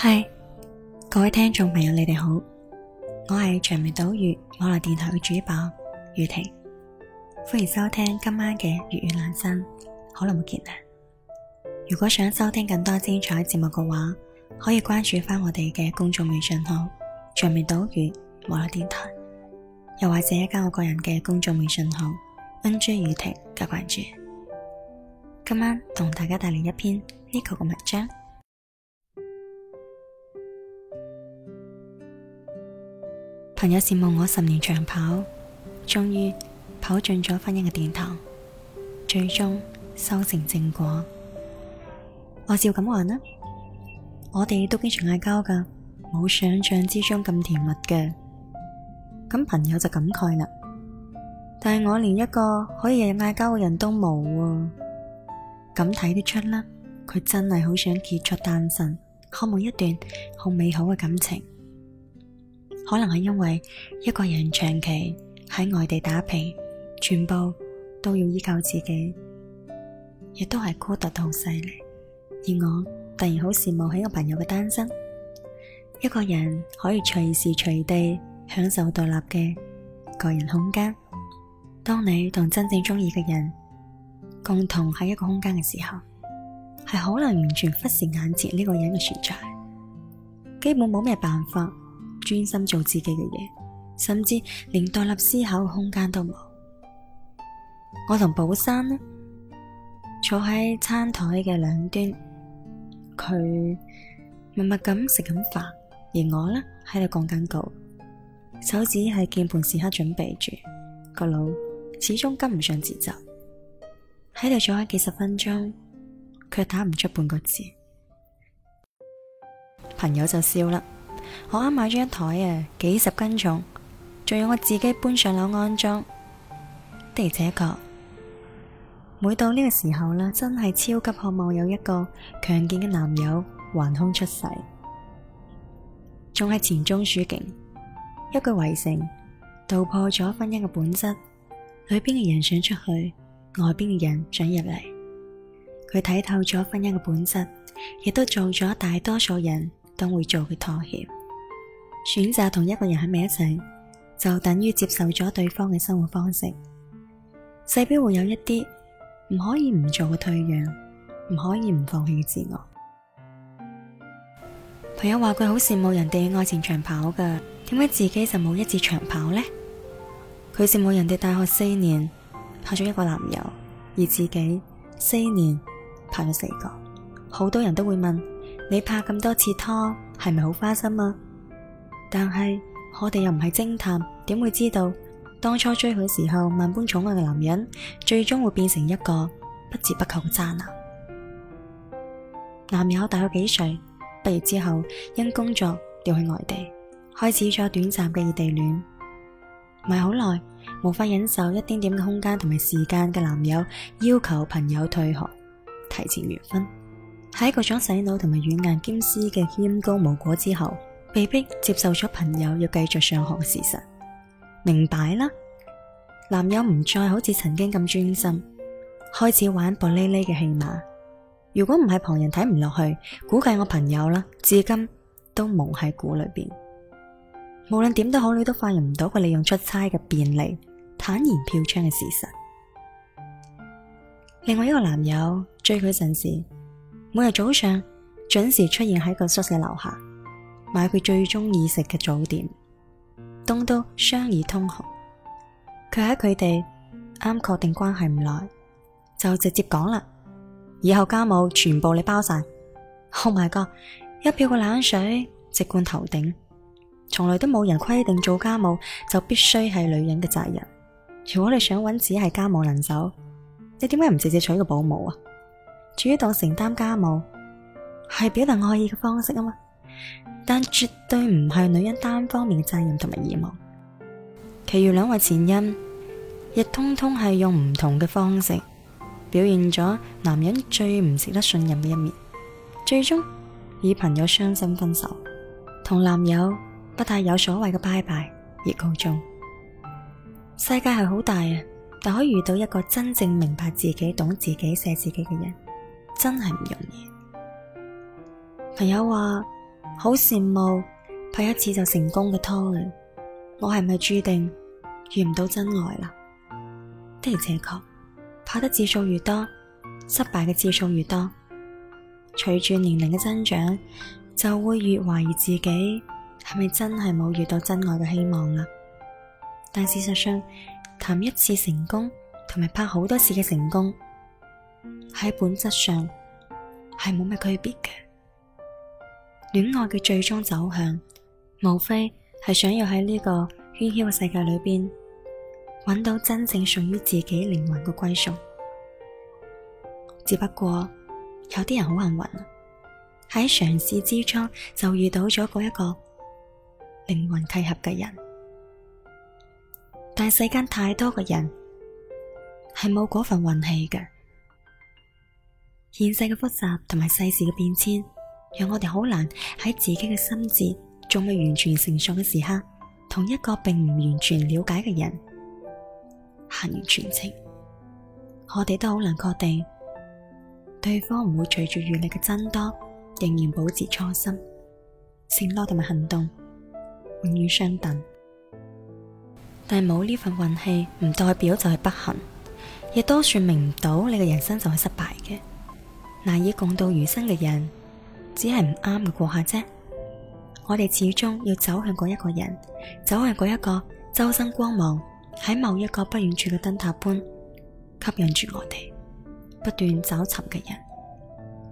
嗨，hey，各位聽眾朋友，你哋好，我係長尾島嶼網絡電台嘅主播雨婷，歡迎收聽今晚嘅粵語朗聲，好耐冇見啦！如果想收聽更多精彩節目嘅話，可以關注翻我哋嘅公眾微信號長尾島嶼網絡電台，又或者加我個人嘅公眾微信號 NJ 雨婷，關注。今晚同大家帶嚟一篇呢個嘅文章。朋友羨慕我十年長跑，終於跑進咗婚姻嘅殿堂，最終修成正果。我笑咁話呢，我哋都經常嗌交噶，冇想象之中咁甜蜜嘅。咁朋友就感慨啦，但係我連一個可以日日嗌交嘅人都冇，咁睇得出啦，佢真係好想結束單身，渴望一段好美好嘅感情。可能係因為一個人長期喺外地打拼，全部都要依靠自己，亦都係孤獨到好犀利。而我突然好羨慕起我朋友嘅單身，一個人可以隨時隨地享受獨立嘅個人空間。當你同真正中意嘅人共同喺一個空間嘅時候，係可能完全忽視眼前呢個人嘅存在，基本冇咩辦法。專心做自己嘅嘢，甚至連獨立思考嘅空間都冇。我同寶山呢坐喺餐台嘅兩端，佢默默咁食緊飯，而我呢，喺度講緊稿，手指係鍵盤時刻準備住，個腦始終跟唔上節奏，喺度坐喺幾十分鐘，卻打唔出半個字。朋友就笑啦。我啱買咗一台啊，幾十斤重，仲要我自己搬上樓安裝。的而且確，每到呢個時候呢，真係超級渴望有一個強健嘅男友橫空出世。仲係錢鍾書厲害，一句圍城，道破咗婚姻嘅本質，裏邊嘅人想出去，外邊嘅人想入嚟。佢睇透咗婚姻嘅本質，亦都做咗大多數人都會做嘅妥協。選擇同一個人喺埋一齊，就等於接受咗對方嘅生活方式。勢必會有一啲唔可以唔做嘅退讓，唔可以唔放棄嘅自我。朋友話佢好羨慕人哋嘅愛情長跑㗎，點解自己就冇一次長跑呢？佢羨慕人哋大學四年拍咗一個男友，而自己四年拍咗四個。好多人都會問你拍咁多次拖，係咪好花心啊？但係我哋又唔係偵探，點會知道當初追佢時候萬般寵愛嘅男人，最終會變成一個不折不扣嘅渣男？男友大佢幾歲，畢業之後因工作調去外地，開始咗短暫嘅異地戀。唔係好耐，無法忍受一丁點嘅空間同埋時間嘅男友，要求朋友退學，提前完婚。喺各種洗腦同埋軟硬兼施嘅勸告無果之後。被迫接受咗朋友要繼續上學嘅事實，明白啦。男友唔再好似曾經咁專心，開始玩玻璃杯嘅戲碼。如果唔係旁人睇唔落去，估計我朋友啦至今都蒙喺鼓裏邊。無論點都好，你都發現唔到佢利用出差嘅便利，坦然嫖娼嘅事實。另外一個男友追佢陣時，每日早上準時出現喺個宿舍樓下，買佢最中意食嘅早點，東都雙耳通紅。佢喺佢哋啱確定關係唔耐，就直接講啦：以後家務全部你包晒。Oh my god！一瓢個冷水直灌頭頂，從來都冇人規定做家務就必須係女人嘅責任。如果你想揾只係家務能手，你點解唔直接娶個保姆啊？主動承擔家務係表達愛意嘅方式啊嘛。但絕對唔係女人單方面嘅責任同埋義務，其餘兩位前因亦通通係用唔同嘅方式表現咗男人最唔值得信任嘅一面，最終以朋友傷心分手，同男友不太有所謂嘅拜拜而告終。世界係好大啊，但可以遇到一個真正明白自己、懂自己、錫自己嘅人，真係唔容易，朋友話。好羨慕拍一次就成功嘅拖嘅，我係咪注定遇唔到真愛啦？的而且確，拍得次數越多，失敗嘅次數越多，隨住年齡嘅增長，就會越懷疑自己係咪真係冇遇到真愛嘅希望啦。但事實上，談一次成功同埋拍好多次嘅成功，喺本質上係冇咩區別嘅。戀愛嘅最終走向，無非係想要喺呢個喧囂嘅世界裏邊，揾到真正屬於自己靈魂嘅歸屬。只不過有啲人好幸運，喺嘗試之中就遇到咗嗰一個靈魂契合嘅人。但係世間太多嘅人係冇嗰份運氣嘅，現世嘅複雜同埋世事嘅變遷。讓我哋好難喺自己嘅心智仲未完全成熟嘅時刻，同一個並唔完全了解嘅人行完全程。我哋都好難確定對方唔會隨住閱歷嘅增多，仍然保持初心、承諾同埋行動永遠相等。但係冇呢份運氣，唔代表就係不幸，亦都說明唔到你嘅人生就係失敗嘅，難以共度餘生嘅人，只係唔啱嘅過客啫，我哋始終要走向嗰一個人，走向嗰一個周身光芒喺某一個不遠處嘅燈塔般吸引住我哋，不斷找尋嘅人。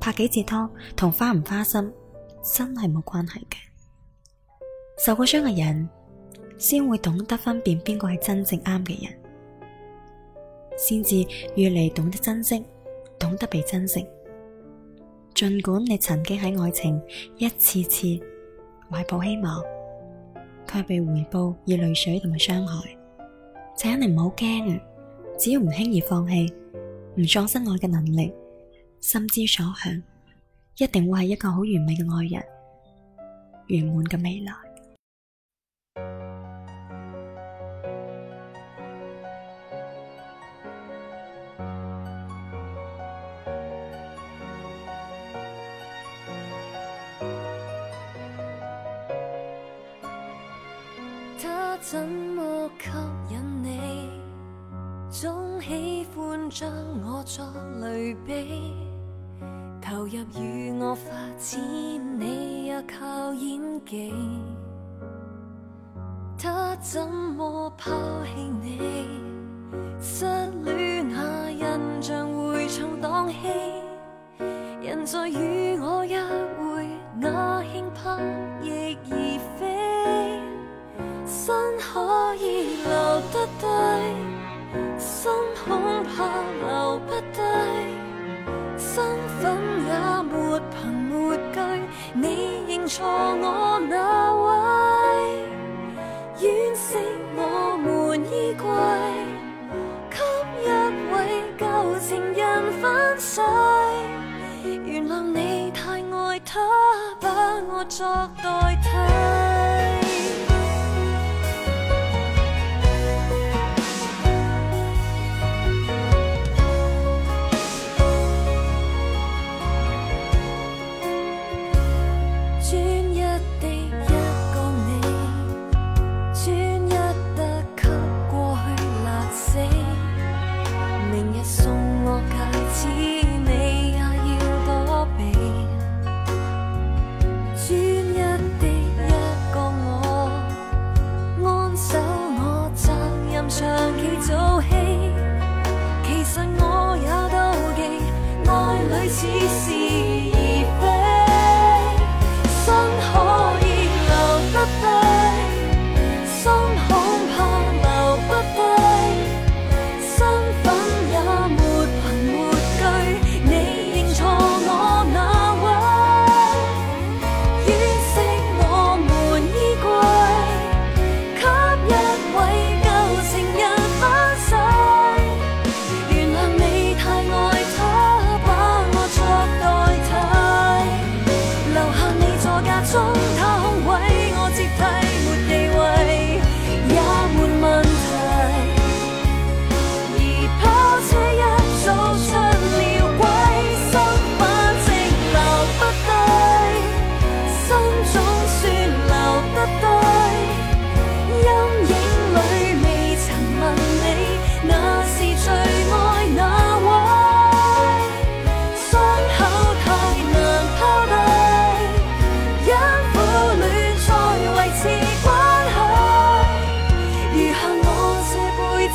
拍幾次拖同花唔花心，真係冇關係嘅。受過傷嘅人，先會懂得分辨邊個係真正啱嘅人，先至越嚟懂得珍惜，懂得被珍惜。儘管你曾經喺愛情一次次懷抱希望，卻被回報以淚水同埋傷害，請你唔好驚啊！只要唔輕易放棄，唔喪失愛嘅能力，心之所向，一定會係一個好完美嘅愛人，圓滿嘅未來。他怎麼吸引你？總喜歡將我作類比，投入與我發展你也靠演技。他怎麼拋棄你？失戀那印象迴腸蕩氣，人在與我一會，那輕拍亦。可以留得低，心恐怕留不低。身份也沒憑沒據，你認錯我哪位？掩飾我們衣櫃，給一位舊情人反噬。原諒你太愛他，把我作代。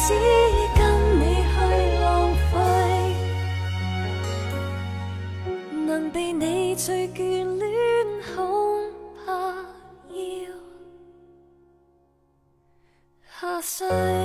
只跟你去浪費，能被你最眷戀，恐怕要下世。